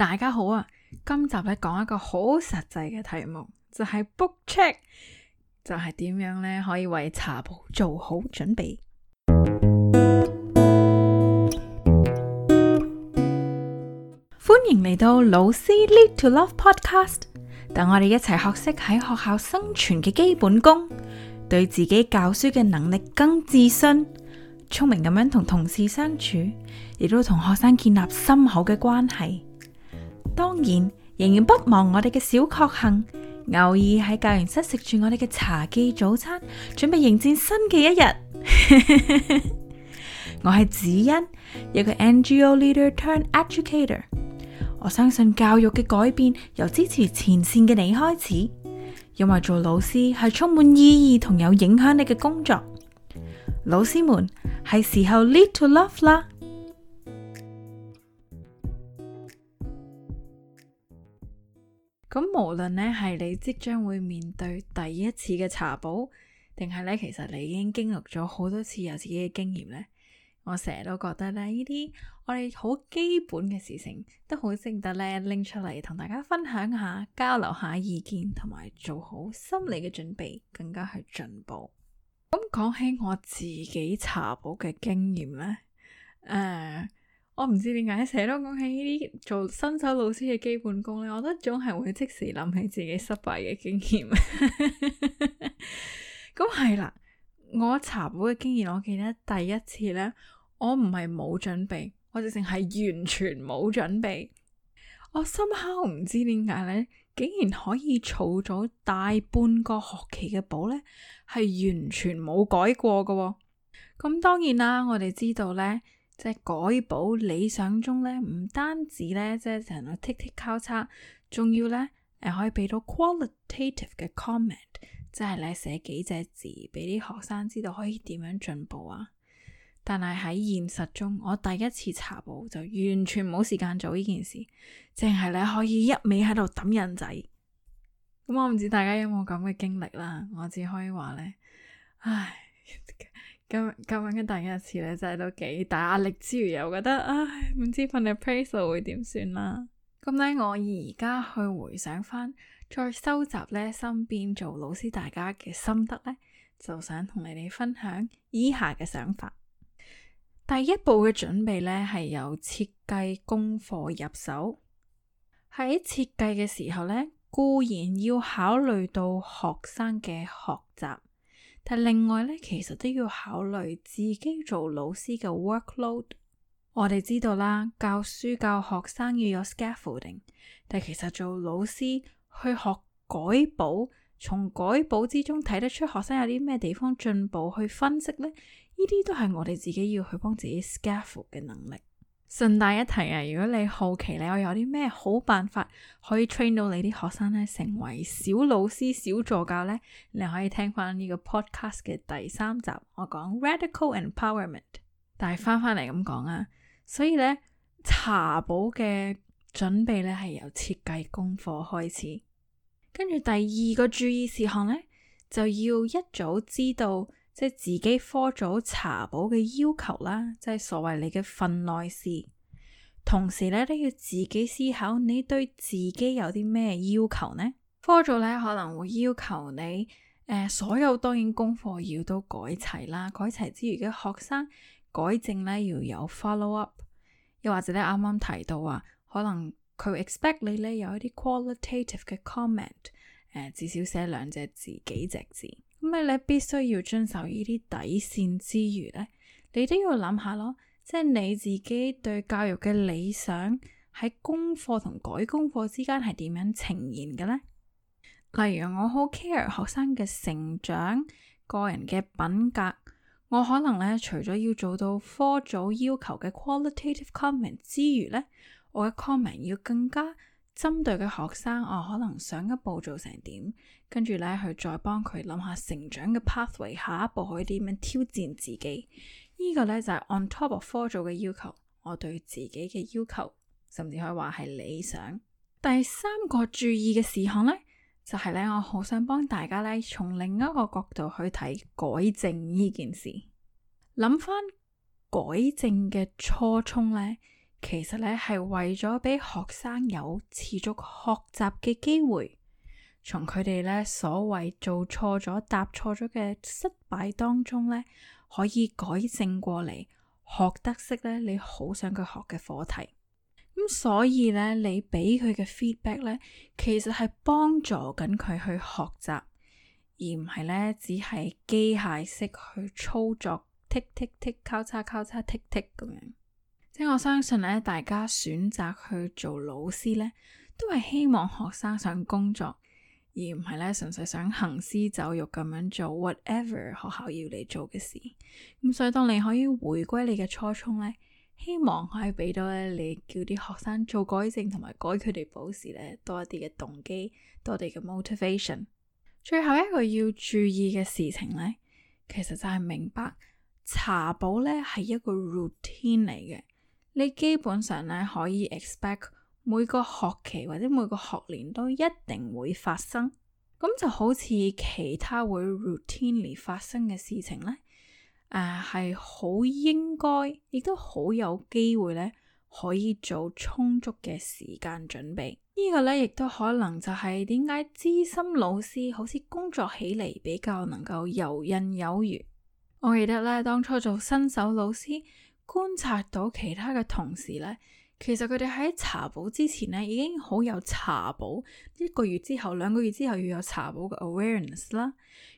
大家好啊！今集咧講一個好實際嘅題目，就係、是、book check，就係點樣咧可以為查簿做好準備。歡迎嚟到老師 Lead to Love Podcast，等我哋一齊學識喺學校生存嘅基本功，對自己教書嘅能力更自信，聰明咁樣同同事相處，亦都同學生建立深厚嘅關係。當然，仍然不忘我哋嘅小確幸，偶爾喺教員室食住我哋嘅茶記早餐，準備迎戰新嘅一日。 我係子欣，一個 NGO leader turned educator。我相信教育嘅改變由支持前線嘅你開始，因為做老師係充滿意義同有影響力嘅工作。老師們，係時候 lead to love 啦！咁無論咧係你即將會面對第一次嘅查簿，定係咧其實你已經經歷咗好多次有自己嘅經驗咧，我成日都覺得咧呢啲我哋好基本嘅事情都好值得咧拎出嚟，同大家分享下，交流下意見，同埋做好心理嘅準備，更加去進步。咁講起我自己查簿嘅經驗咧，誒、呃。我唔知點解成日都講起呢啲做新手老師嘅基本功呢，我覺得總係會即時諗起自己失敗嘅經驗。咁係啦，我查簿嘅經驗，我記得第一次呢，我唔係冇準備，我直情係完全冇準備。我深刻唔知點解呢，竟然可以儲咗大半個學期嘅簿呢，係完全冇改過嘅。咁當然啦，啊，我哋知道呢。即係改簿理想中咧，唔單止咧即係成日 tick tick 交叉，仲要咧誒可以俾到 qualitative 嘅 comment，即係你寫幾隻字俾啲學生知道可以點樣進步啊。但係喺現實中，我第一次查簿就完全冇時間做呢件事，淨係你可以一味喺度抌印仔。咁、嗯、我唔知大家有冇咁嘅經歷啦，我只可以話咧，唉。 今今晚嘅第一次咧，真係都幾大壓力之餘，又覺得唉，唔知份 appraisal 會點算啦。咁呢，我而家去回想翻，再收集呢身邊做老師大家嘅心得呢，就想同你哋分享以下嘅想法。第一步嘅準備呢，係由設計功課入手。喺設計嘅時候呢，固然要考慮到學生嘅學習。但另外咧，其實都要考慮自己做老師嘅 workload。我哋知道啦，教書教學生要有 scaffolding。但其實做老師去學改簿，從改簿之中睇得出學生有啲咩地方進步，去分析咧，呢啲都係我哋自己要去幫自己 scaffolding 嘅能力。順帶一提啊，如果你好奇咧，我有啲咩好辦法可以 train 到你啲學生咧，成為小老師、小助教咧，你可以聽翻呢個 podcast 嘅第三集，我講 radical empowerment。但係翻翻嚟，咁講啊，所以咧，查簿嘅準備咧係由設計功課開始，跟住第二個注意事項咧就要一早知道。即係自己科組查簿嘅要求啦，即係所謂你嘅份內事。同時咧都要自己思考，你對自己有啲咩要求呢？科組咧可能會要求你，誒、呃，所有當然功課要都改齊啦，改齊之餘嘅學生改正咧要有 follow up，又或者咧啱啱提到啊，可能佢 expect 你咧有一啲 qualitative 嘅 comment，誒、呃，至少寫兩隻字，幾隻字。咁你必須要遵守呢啲底線之餘呢，你都要諗下咯，即係你自己對教育嘅理想喺功課同改功課之間係點樣呈現嘅呢？例如我好 care 學生嘅成長、個人嘅品格，我可能咧除咗要做到科組要求嘅 qualitative comment 之餘呢，我嘅 comment 要更加針對嘅學生，我可能上一步做成點，跟住咧去再幫佢諗下成長嘅 pathway，下一步可以點樣挑戰自己？這個、呢個咧就係、是、on top of 科組嘅要求，我對自己嘅要求，甚至可以話係理想。第三個注意嘅事項呢，就係、是、咧，我好想幫大家咧，從另一個角度去睇改正呢件事。諗翻改正嘅初衷呢。其實咧係為咗俾學生有持續學習嘅機會，從佢哋咧所謂做錯咗、答錯咗嘅失敗當中咧，可以改正過嚟，學得識咧你好想佢學嘅課題。咁所以咧，你俾佢嘅 feedback 咧，其實係幫助緊佢去學習，而唔係咧只係機械式去操作，剔剔剔，k 交叉交叉剔剔 c k 咁樣。即我相信咧，大家選擇去做老師咧，都係希望學生想工作，而唔係咧純粹想行屍走肉咁樣做。whatever 學校要你做嘅事。咁、嗯、所以當你可以回歸你嘅初衷咧，希望可以俾到咧你叫啲學生做改正同埋改佢哋簿時咧多一啲嘅動機，多啲嘅 motivation。最後一個要注意嘅事情咧，其實就係明白查簿咧係一個 routine 嚟嘅。你基本上咧可以 expect 每個學期或者每個學年都一定會發生，咁就好似其他會 routinely 發生嘅事情呢，誒係好應該，亦都好有機會呢，可以做充足嘅時間準備。呢個呢，亦都可能就係點解資深老師好似工作起嚟比較能夠游刃有餘。我記得呢，當初做新手老師。觀察到其他嘅同事呢，其實佢哋喺查簿之前呢已經好有查簿一個月之後、兩個月之後要有查簿嘅 awareness 啦。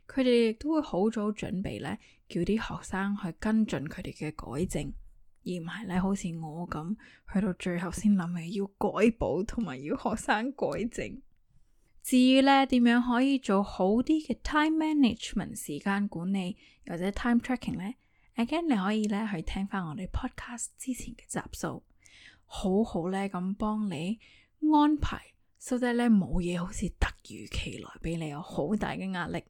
佢哋亦都會好早準備呢，叫啲學生去跟進佢哋嘅改正，而唔係呢，好似我咁，去到最後先諗起要改簿同埋要學生改正。至於呢，點樣可以做好啲嘅 time management 時間管理，或者 time tracking 呢？again 你可以咧去聽翻我哋 podcast 之前嘅集數，好好咧咁幫你安排，so that 咧冇嘢好似突如其來俾你有好大嘅壓力。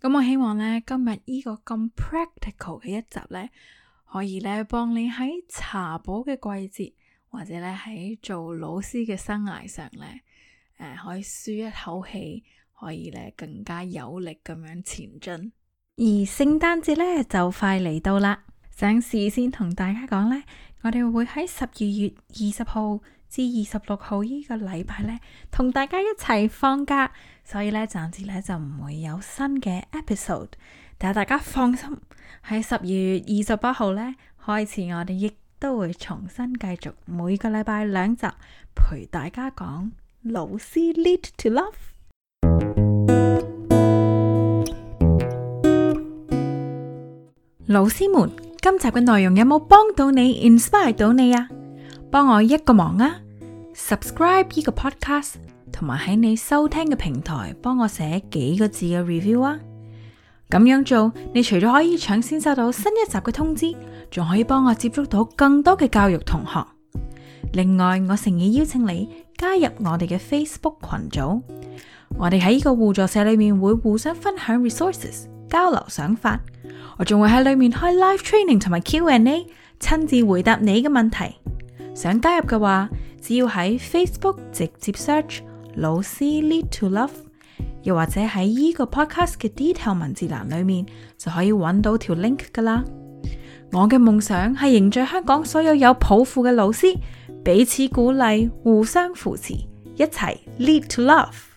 咁我希望咧今日呢個咁 practical 嘅一集咧，可以咧幫你喺查補嘅季節，或者咧喺做老師嘅生涯上咧，誒、呃、可以舒一口氣，可以咧更加有力咁樣前進。而聖誕節呢，就快嚟到啦，想事先同大家講呢，我哋會喺十二月二十號至二十六號呢個禮拜呢，同大家一齊放假，所以呢，暫時呢，就唔會有新嘅 episode，但係大家放心，喺十二月二十八號呢開始，我哋亦都會重新繼續每個禮拜兩集陪大家講《老師 Lead to Love》。老師們，今集嘅內容有冇幫到你 inspire 到你啊？幫我一個忙啊，subscribe 呢個 podcast，同埋喺你收聽嘅平台幫我寫幾個字嘅 review 啊。咁樣做，你除咗可以搶先收到新一集嘅通知，仲可以幫我接觸到更多嘅教育同學。另外，我誠意邀請你加入我哋嘅 Facebook 群組，我哋喺呢個互助社裏面會互相分享 resources，交流想法。我仲會喺裏面開 live training 同埋 Q&A，親自回答你嘅問題。想加入嘅話，只要喺 Facebook 直接 search 老師 lead to love，又或者喺呢個 podcast 嘅 detail 文字欄裏面就可以揾到條 link 㗎喇。我嘅夢想係凝聚香港所有有抱負嘅老師，彼此鼓勵，互相扶持，一齊 lead to love。